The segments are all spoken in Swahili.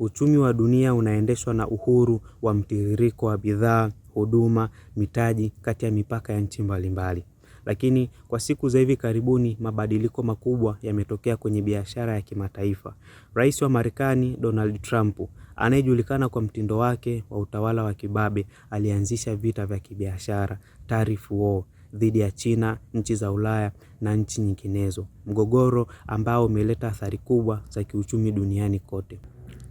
Uchumi wa dunia unaendeshwa na uhuru wa mtiririko wa bidhaa, huduma, mitaji kati ya mipaka ya nchi mbalimbali. Lakini kwa siku za hivi karibuni mabadiliko makubwa yametokea kwenye biashara ya kimataifa. Rais wa Marekani Donald Trump anayejulikana kwa mtindo wake wa utawala wa kibabe alianzisha vita vya kibiashara, tariff war, dhidi ya China, nchi za ulaya na nchi nyinginezo. Mgogoro ambao umeleta athari kubwa za kiuchumi duniani kote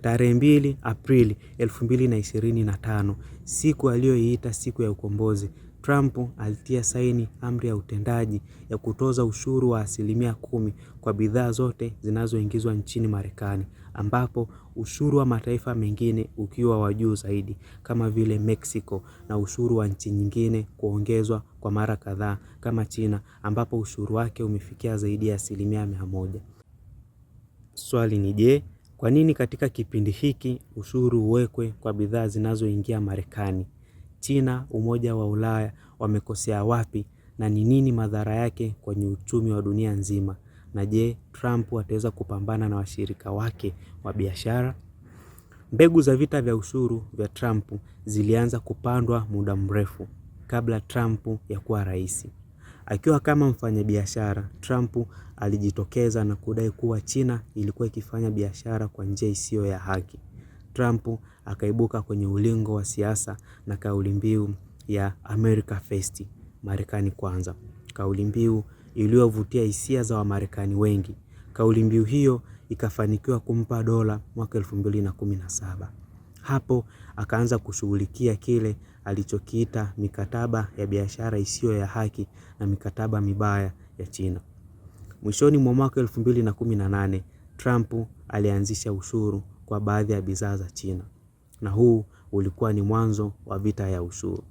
tarehe mbili Aprili elfu mbili na na tano, siku aliyoiita siku ya ukombozi. Trump alitia saini amri ya utendaji ya kutoza ushuru wa asilimia kumi kwa bidhaa zote zinazoingizwa nchini Marekani, ambapo ushuru wa mataifa mengine ukiwa wa juu zaidi kama vile Mexico na ushuru wa nchi nyingine kuongezwa kwa mara kadhaa kama China, ambapo ushuru wake umefikia zaidi ya asilimia mia moja. Swali ni je, kwa nini katika kipindi hiki ushuru uwekwe kwa bidhaa zinazoingia Marekani? China, Umoja wa Ulaya wamekosea wapi na ni nini madhara yake kwenye uchumi wa dunia nzima? Na je, Trump ataweza kupambana na washirika wake wa biashara? Mbegu za vita vya ushuru vya Trump zilianza kupandwa muda mrefu kabla Trump ya kuwa rais. Akiwa kama mfanyabiashara, Trump alijitokeza na kudai kuwa China ilikuwa ikifanya biashara kwa njia isiyo ya haki. Trump akaibuka kwenye ulingo wa siasa na kauli mbiu ya America First, Marekani kwanza. Kauli mbiu iliyovutia hisia za Wamarekani wengi. Kauli mbiu hiyo ikafanikiwa kumpa dola mwaka 2017. Hapo akaanza kushughulikia kile alichokiita mikataba ya biashara isiyo ya haki na mikataba mibaya ya China. Mwishoni mwa mwaka elfu mbili na kumi na nane, Trump alianzisha ushuru kwa baadhi ya bidhaa za China. Na huu ulikuwa ni mwanzo wa vita ya ushuru.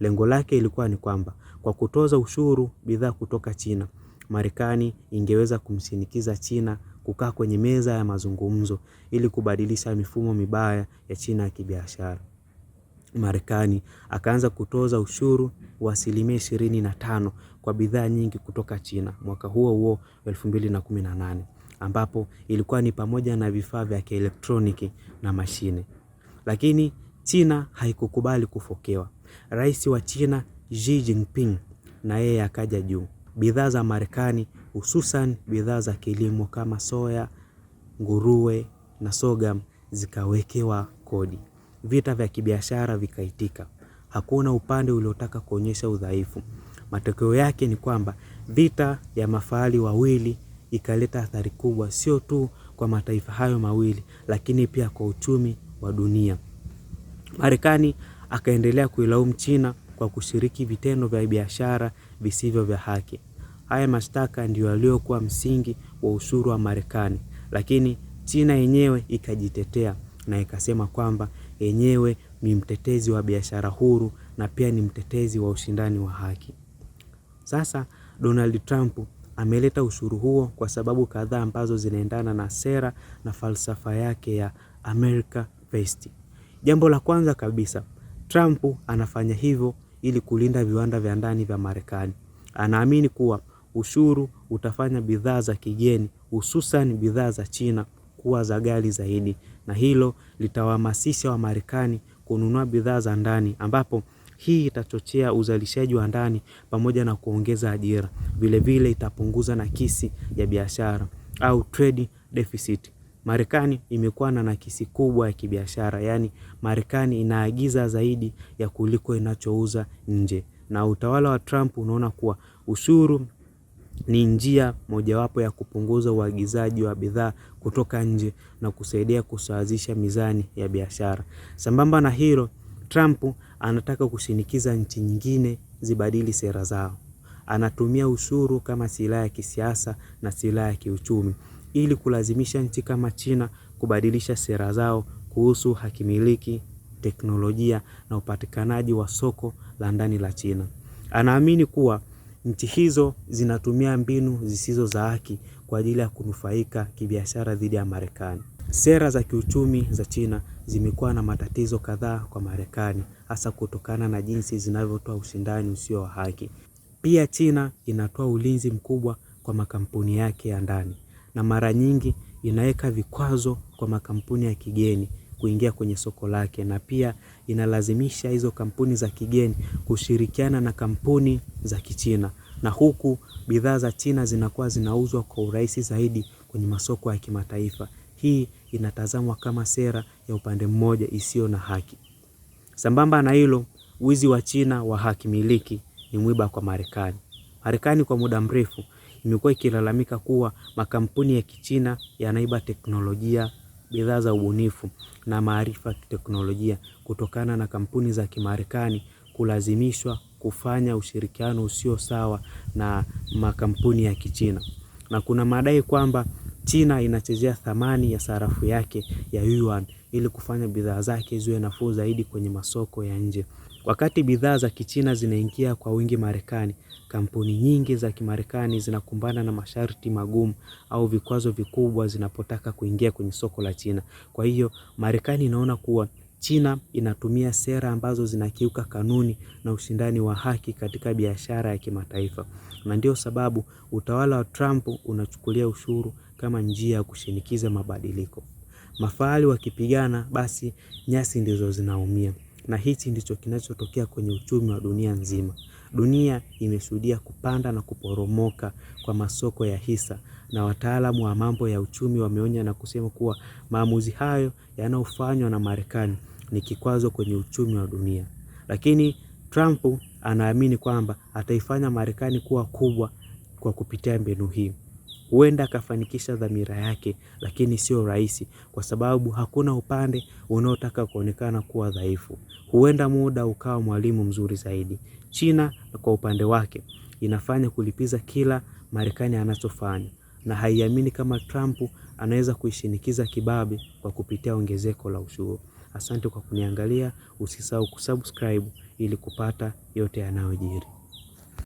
Lengo lake ilikuwa ni kwamba kwa kutoza ushuru bidhaa kutoka China, Marekani ingeweza kumshinikiza China kukaa kwenye meza ya mazungumzo ili kubadilisha mifumo mibaya ya China ya kibiashara. Marekani akaanza kutoza ushuru wa asilimia ishirini na tano kwa bidhaa nyingi kutoka China mwaka huo huo nane ambapo ilikuwa ni pamoja na vifaa vya kielektroniki na mashine. Lakini China haikukubali kufokewa. Rais wa China Xi Jinping na yeye akaja juu. Bidhaa za Marekani hususan bidhaa za kilimo kama soya, nguruwe na soga zikawekewa kodi. Vita vya kibiashara vikaitika. Hakuna upande uliotaka kuonyesha udhaifu. Matokeo yake ni kwamba vita ya mafahali wawili ikaleta athari kubwa, sio tu kwa mataifa hayo mawili, lakini pia kwa uchumi wa dunia. Marekani akaendelea kuilaumu China kwa kushiriki vitendo vya biashara visivyo vya haki. Haya mashtaka ndiyo yaliyokuwa msingi wa ushuru wa Marekani, lakini China yenyewe ikajitetea na ikasema kwamba yenyewe ni mtetezi wa biashara huru na pia ni mtetezi wa ushindani wa haki. Sasa Donald Trump ameleta ushuru huo kwa sababu kadhaa ambazo zinaendana na sera na falsafa yake ya America First. Jambo la kwanza kabisa, Trump anafanya hivyo ili kulinda viwanda vya ndani vya Marekani. Anaamini kuwa ushuru utafanya bidhaa za kigeni hususan bidhaa za China kuwa za ghali zaidi, na hilo litawahamasisha Wamarekani kununua bidhaa za ndani, ambapo hii itachochea uzalishaji wa ndani pamoja na kuongeza ajira. Vilevile itapunguza nakisi ya biashara au trade deficit. Marekani imekuwa na nakisi kubwa ya kibiashara, yaani Marekani inaagiza zaidi ya kuliko inachouza nje, na utawala wa Trump unaona kuwa ushuru ni njia mojawapo ya kupunguza uagizaji wa bidhaa kutoka nje na kusaidia kusawazisha mizani ya biashara. Sambamba na hilo, Trump anataka kushinikiza nchi nyingine zibadili sera zao. Anatumia ushuru kama silaha ya kisiasa na silaha ya kiuchumi. Ili kulazimisha nchi kama China kubadilisha sera zao kuhusu hakimiliki, teknolojia na upatikanaji wa soko la ndani la China. Anaamini kuwa nchi hizo zinatumia mbinu zisizo za haki kwa ajili ya kunufaika kibiashara dhidi ya Marekani. Sera za kiuchumi za China zimekuwa na matatizo kadhaa kwa Marekani, hasa kutokana na jinsi zinavyotoa ushindani usio wa haki. Pia China inatoa ulinzi mkubwa kwa makampuni yake ya ndani na mara nyingi inaweka vikwazo kwa makampuni ya kigeni kuingia kwenye soko lake, na pia inalazimisha hizo kampuni za kigeni kushirikiana na kampuni za Kichina, na huku bidhaa za China zinakuwa zinauzwa kwa urahisi zaidi kwenye masoko ya kimataifa. Hii inatazamwa kama sera ya upande mmoja isiyo na haki. Sambamba na hilo, wizi wa China wa haki miliki ni mwiba kwa Marekani. Marekani kwa muda mrefu imekuwa ikilalamika kuwa makampuni ya Kichina yanaiba teknolojia bidhaa za ubunifu na maarifa ya kiteknolojia kutokana na kampuni za kimarekani kulazimishwa kufanya ushirikiano usio sawa na makampuni ya kichina. Na kuna madai kwamba China inachezea thamani ya sarafu yake ya yuan ili kufanya bidhaa zake ziwe nafuu zaidi kwenye masoko ya nje. Wakati bidhaa za Kichina zinaingia kwa wingi Marekani, kampuni nyingi za Kimarekani zinakumbana na masharti magumu au vikwazo vikubwa zinapotaka kuingia kwenye soko la China. Kwa hiyo, Marekani inaona kuwa China inatumia sera ambazo zinakiuka kanuni na ushindani wa haki katika biashara ya kimataifa. Na ndio sababu utawala wa Trump unachukulia ushuru kama njia ya kushinikiza mabadiliko. Mafahali wakipigana, basi nyasi ndizo zinaumia, na hichi ndicho kinachotokea kwenye uchumi wa dunia nzima. Dunia imeshuhudia kupanda na kuporomoka kwa masoko ya hisa, na wataalamu wa mambo ya uchumi wameonya na kusema kuwa maamuzi hayo yanayofanywa na Marekani ni kikwazo kwenye uchumi wa dunia. Lakini Trump anaamini kwamba ataifanya Marekani kuwa kubwa kwa kupitia mbinu hii huenda akafanikisha dhamira yake, lakini sio rahisi kwa sababu hakuna upande unaotaka kuonekana kuwa dhaifu. Huenda muda ukawa mwalimu mzuri zaidi. China kwa upande wake inafanya kulipiza kila Marekani anachofanya na haiamini kama Trump anaweza kuishinikiza kibabe kwa kupitia ongezeko la ushuru. Asante kwa kuniangalia, usisahau kusubscribe ili kupata yote yanayojiri.